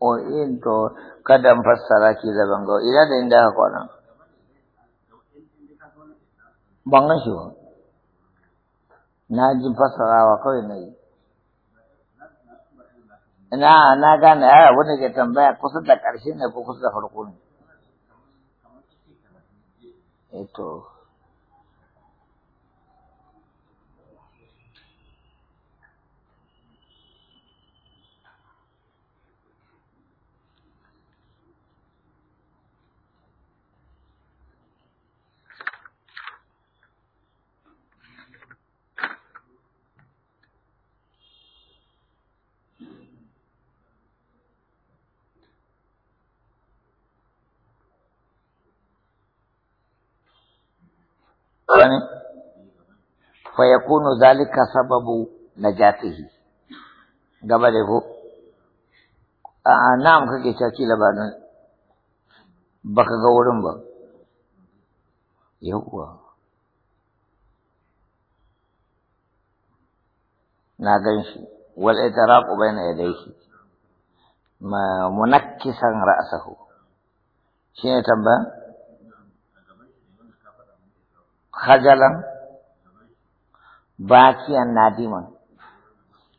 O in to kada in fassara ki da bango ina da inda aka kwana. Ban gan shi ba. Na ji fassarawa kawai na yi. Na na gane a wanda ke tambaya kusa da ƙarshe ne ko kusa da farko ne. Eh to. haka ne fa kunu zalika sababu najatihi gaba da ko a nam kake caki labarin baka ga wurin ba yawwa na gan shi wal itraqu bayna yadayhi munakkisan ra'sahu ne tambaya hajalan bakiyan nadiman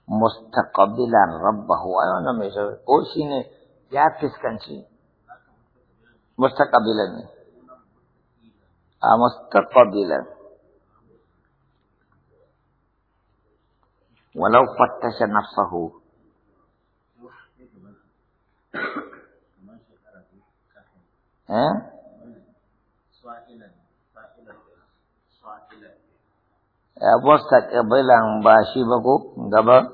mustaqabilan rabbahu ai wannan mai shi ko shine ya fiskanci mustaqabilan ne a mustaqabilan walau fattasha mustaƙbilan eh, ba shi ba ko gaba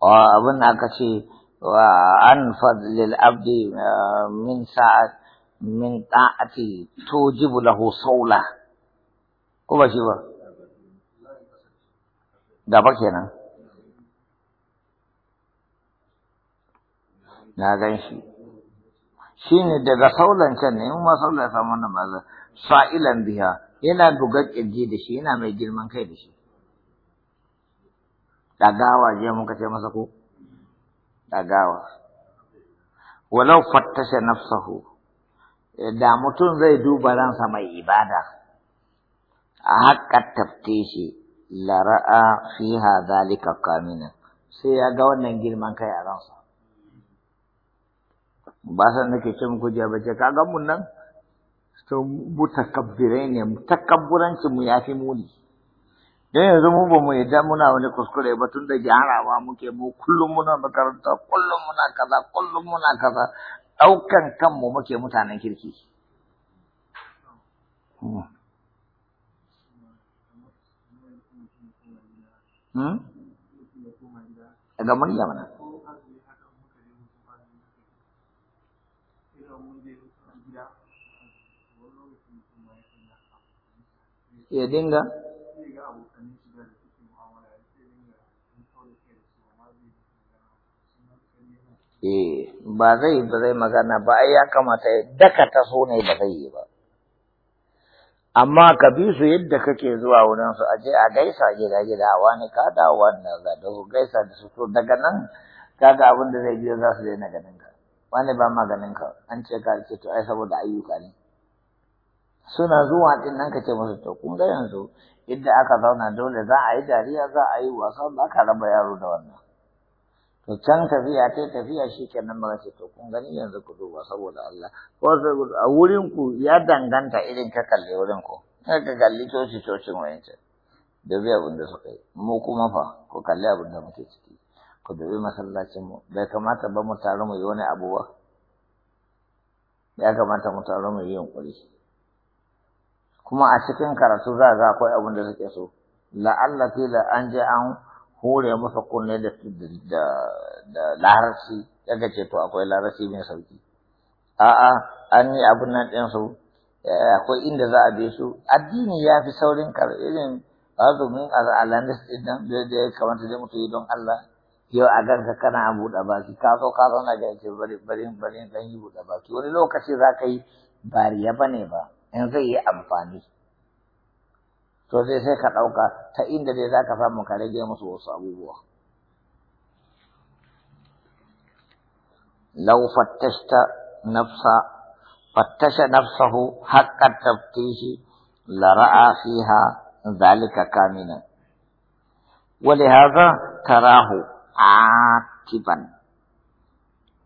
abin da aka ce wa an fadlil abdi eh, min sa'at min ta'ati tujibu lahu saula ko ba shi ba gaba kenan na gan shi shine daga saulan can ne in ma saula ya samu wannan ba sa'ilan biha yana bugar ƙirji da shi yana mai girman kai da shi ɗagawa je muka ce masa ko ɗagawa walau fattashe nafsahu eh, da mutum zai duba ransa mai ibada a haƙa tafte shi lara'a fiha zalika kamina sai ya ga wannan girman kai a ransa ba san nake ce muku jiya ba ce ka ga mun nan to mutakabbirai ne mutakabburanci mu fi muni dan yanzu mu ba mu yadda muna wani kuskure ba tun da gyarawa muke mu kullum muna makaranta kullum muna kaza kullum muna kaza daukan kanmu muke mutanen kirki Hmm? Agak mana? ya dinga Eh, ba zai ba zai magana ba ai ya kamata ya daka ta so ne ba zai yi ba amma ka bi su yadda kake zuwa wurin su aje a gaisa gida gida a wani ka da wannan ga da gaisa da su to daga nan kaga abin da zai biyo za su daina ganin ka wani ba maganin ka an ce ka ce to ai saboda ayyuka ne suna zuwa din nan kace musu to kun ga yanzu inda aka zauna dole za a yi dariya za a yi wasa ba ka raba yaro da wannan to can tafiya ta tafiya shi nan ba ce to kun gani yanzu ku duba saboda Allah ko a wurin ku ya danganta irin ka kalle wurin ku ka kalli coci cocin wayancin dubi abin da suka yi mu kuma fa ku kalli abin da muke ciki ku dubi masallacin mu bai kamata ba mu taru mu yi wani abu ba ya kamata mu taru mu yi yunkuri kuma a cikin karatu za a akwai abin da suke so la'alla kila an je an hore masa kunne da da daga ce to akwai larasi mai sauki a'a an yi abin nan ɗin su eh, akwai inda za a bi su addini ya fi saurin kar irin azumin al'alanis ɗin nan da ya kamata da mutu yi don Allah yau a ganka kana buɗe baki ka zo ka zauna ga yake bari bari bari dan yi buɗe baki wani lokaci za ka yi bariya bane ba in zai yi amfani to zai sai ka dauka ta inda dai zaka samu ka rage musu wasu abubuwa لو فتشت نفسا فتش نفسه حق التفتيش لرأى فيها ذلك كامنا ولهذا تراه عاتبا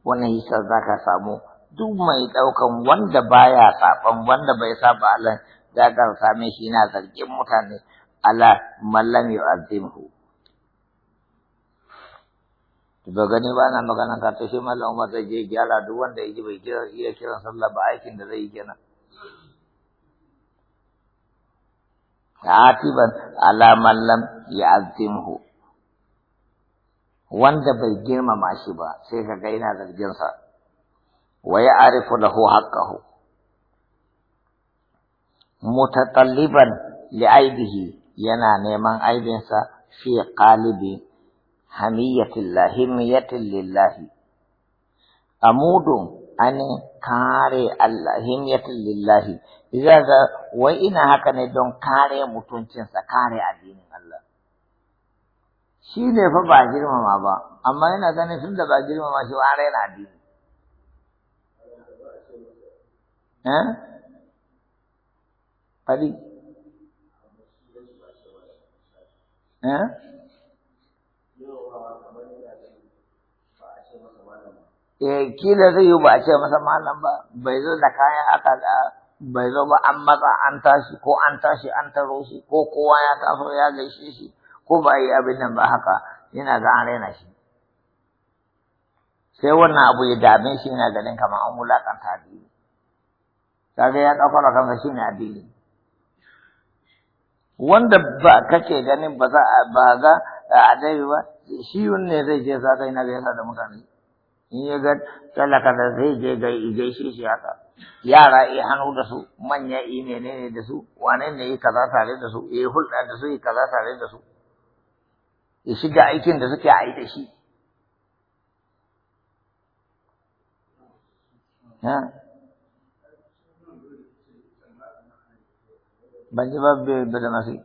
ونهي ذاك سامو duk mai ɗaukan wanda baya saban wanda bai saba Allah da kan same shi na zargin mutane ala mallam azimhu. to ba gani ba na magana ka to shi mallam Umar zai je gyara duk wanda yake bai kira iya kiran sallah ba aikin da zai yi kenan عاتبا على mallam ya azimhu. wanda bai girmama shi ba sai ka ga yana zargin sa wa ya'rifu lahu haqqahu mutatalliban li'aibihi yana neman aibinsa fi ƙalibi, a mudu lillahi amudun an kare Allah himiyatin lillahi izaga wai ina haka ne don kare mutuncinsa kare addinin Allah shi ne fa ba girmama ba amma yana ganin sun da ba girmama shi wa raina addini eh eh kila zai yi ba a ce masa malam ba bai zo da kayan aka da bai zo ba an matsa an tashi ko an tashi an taro shi ko kowa ya taso ya gaishe shi ko ba a yi abin nan ba haka yana ga an raina shi sai wannan abu ya dame shi yana ganin kamar an wulakanta da kaga ya kafara kansa shine addini wanda ba kake ganin ba za a ga adai ba shi ne zai je sa kai na ga yasa da mutane in ya ga talaka da zai je ga ije shi shi haka yara i hannu da su manya i menene da su wane ne yi kaza tare da su yi hulɗa da su yi kaza tare da su ya shiga aikin da suke a yi da shi ban ji ba bai da nasi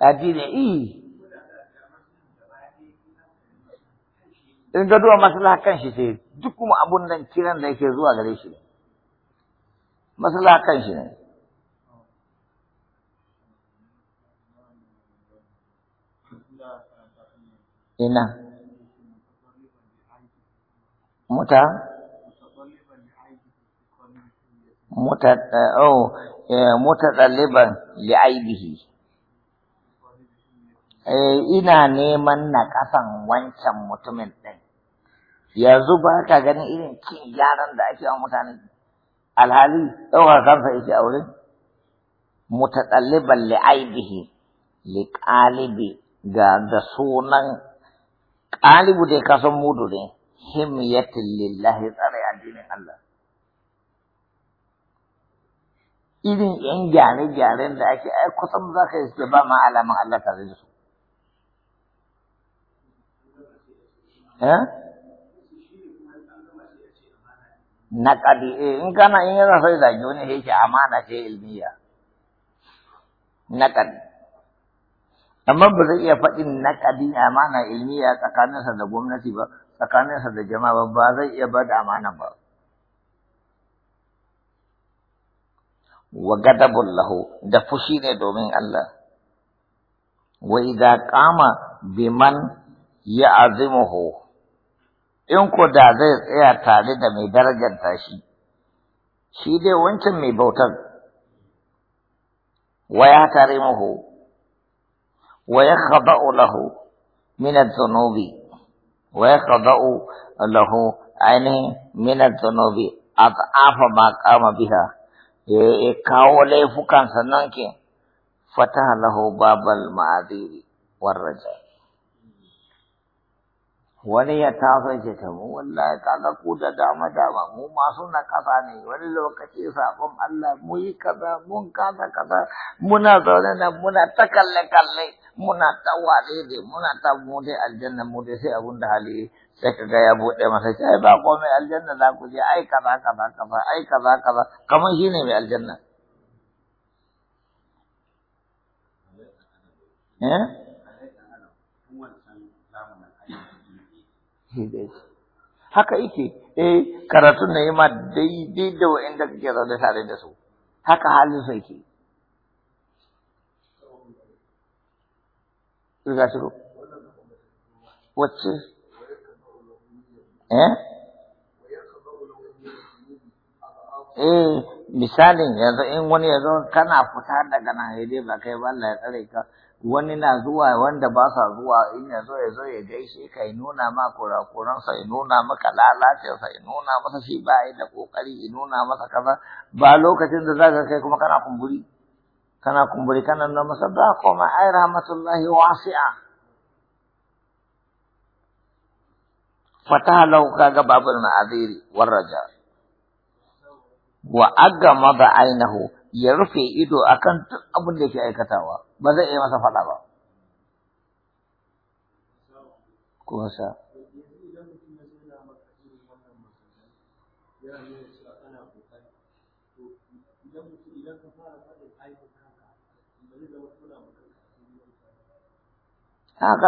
addini i in gaduwa maslaha kan shi ce duk kuma abun nan kiran da yake zuwa gare shi ne maslaha kan shi ne ina muta muta eh, oh, eh, li aibihi, eh, ina neman na kasan wancan mutumin ɗin, yanzu ba ka ganin irin cin gyaran da ake wa mutane alhali ɗaukar kansa yake a wurin mutadalliban li'aibihi li qalibi ga da sunan Ƙalibu dai kasan mudu ne himyatin lillahi tsare addinin Allah irin yan gyare-gyaren da ake ai kusan za ka yi su ba ma alaman Allah tare da su eh? na kadi eh, in kana in yana sai da wani sai ce amana ce ilmiya na kadi amma ba zai iya faɗin na kadi amana ilmiya tsakaninsa da gwamnati ba لكن هذا جماعة بعض يبدا معنا بعض وغضب الله ده فشي نے دومين الله وإذا قام بمن يعظمه ان کو دادر ايا تالي ده مي درجة تاشي شي ده وانتم مي بوتر ويعترمه ويخضأ له من الذنوبي wa yaqda'u lahu ainihin min adh-dhunubi at'afa ma qama biha ya kawo laifukan sannan fataha lahu babal ma'adiri war raja wani ya taso ce ta mu wallahi kaga ku da dama dama mu masu na kaza ne wani lokaci sabon Allah mu yi kaza mun kaza kaza muna zaune nan muna ta kalle kalle muna ta wale ne muna ta mu dai aljanna mu dai sai abun da hali sai kaga ya bude masa sai ba komai aljanna za ku je ai kaza kaza kaza ai kaza kaza kamar ne mai aljanna eh haka yake eh karatun na yi ma daidai da wa'inda kake zaune tare da su haka halin sai yake riga shiru wacce eh eh misalin yanzu in wani ya zo kana fita daga nan dai ba kai ba Allah ya tsare ka wani na zuwa wanda ba sa zuwa in ya zo ya zo ya gaishe ka ya nuna ma kurakuransa ya nuna maka lalacinsa ya nuna masa shi ba yi da kokari ya nuna masa kaza ba lokacin da zaka kai kuma kana kumburi kana kumburi kana nuna masa ba koma ai rahmatullahi wasi'a fataha lau kaga babul ma'aziri warraja wa agama da ainihu ya rufe ido akan duk abin da yake aikatawa ba zai iya masa faɗa ba ko sa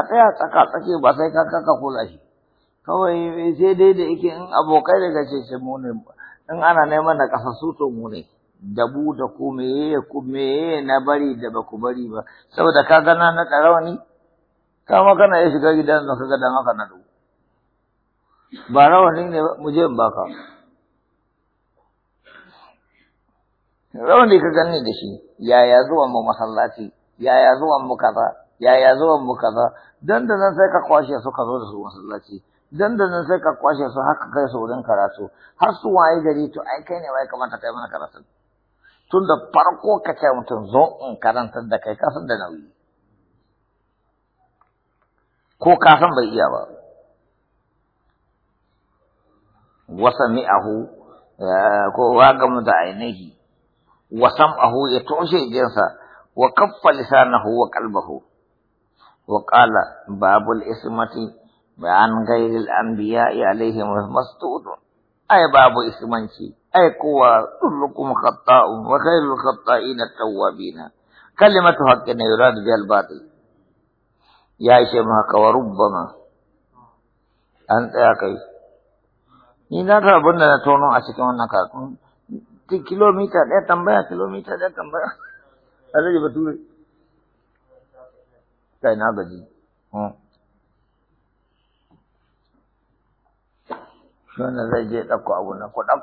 tsaya tsaka-tsake ba sai kaka ka kula shi kawai sai dai da yake in abokai daga ce ce mu ne in ana neman na ƙasa su to mu da bu da ku meye ku meye na bari da ba ku bari ba saboda ka gana na tsarawani ka ma kana ya shiga gidan da ka gada haka na du ba rawanin ne mu je in baka rawani ka ganni da shi yaya zuwan mu masallaci yaya zuwan mu kaza yaya zuwan mu kaza dan da nan sai ka kwashe su ka zo da su masallaci dan da nan sai ka kwashe su haka kai su wurin karatu har su waye gari to ai kai ne wai kamata kai mana karatu tun da farko ka ce mutum zo in karantar da kai kasan da nauyi ko kasan bai iya ba wasa ahu ko wagamu da ainihi wasam ahu ya toshe jinsa wa kaffa lisanahu wa qalbahu wa qala babul ismati an ghayril anbiya'i alaihim masdudun ai babu ismanci ai kowa kullukum khata'un wa khairul khata'in at-tawwabin kalimatu haqqin yurad bil batil ya ishe mu haka wa rubbama an tsaya kai ni na ta abin da na tono a cikin wannan kakun kilomita ɗaya tambaya kilomita ɗaya tambaya alhaji bature kai na gaji hmm. shi zai je ɗauko abu na ko ɗauko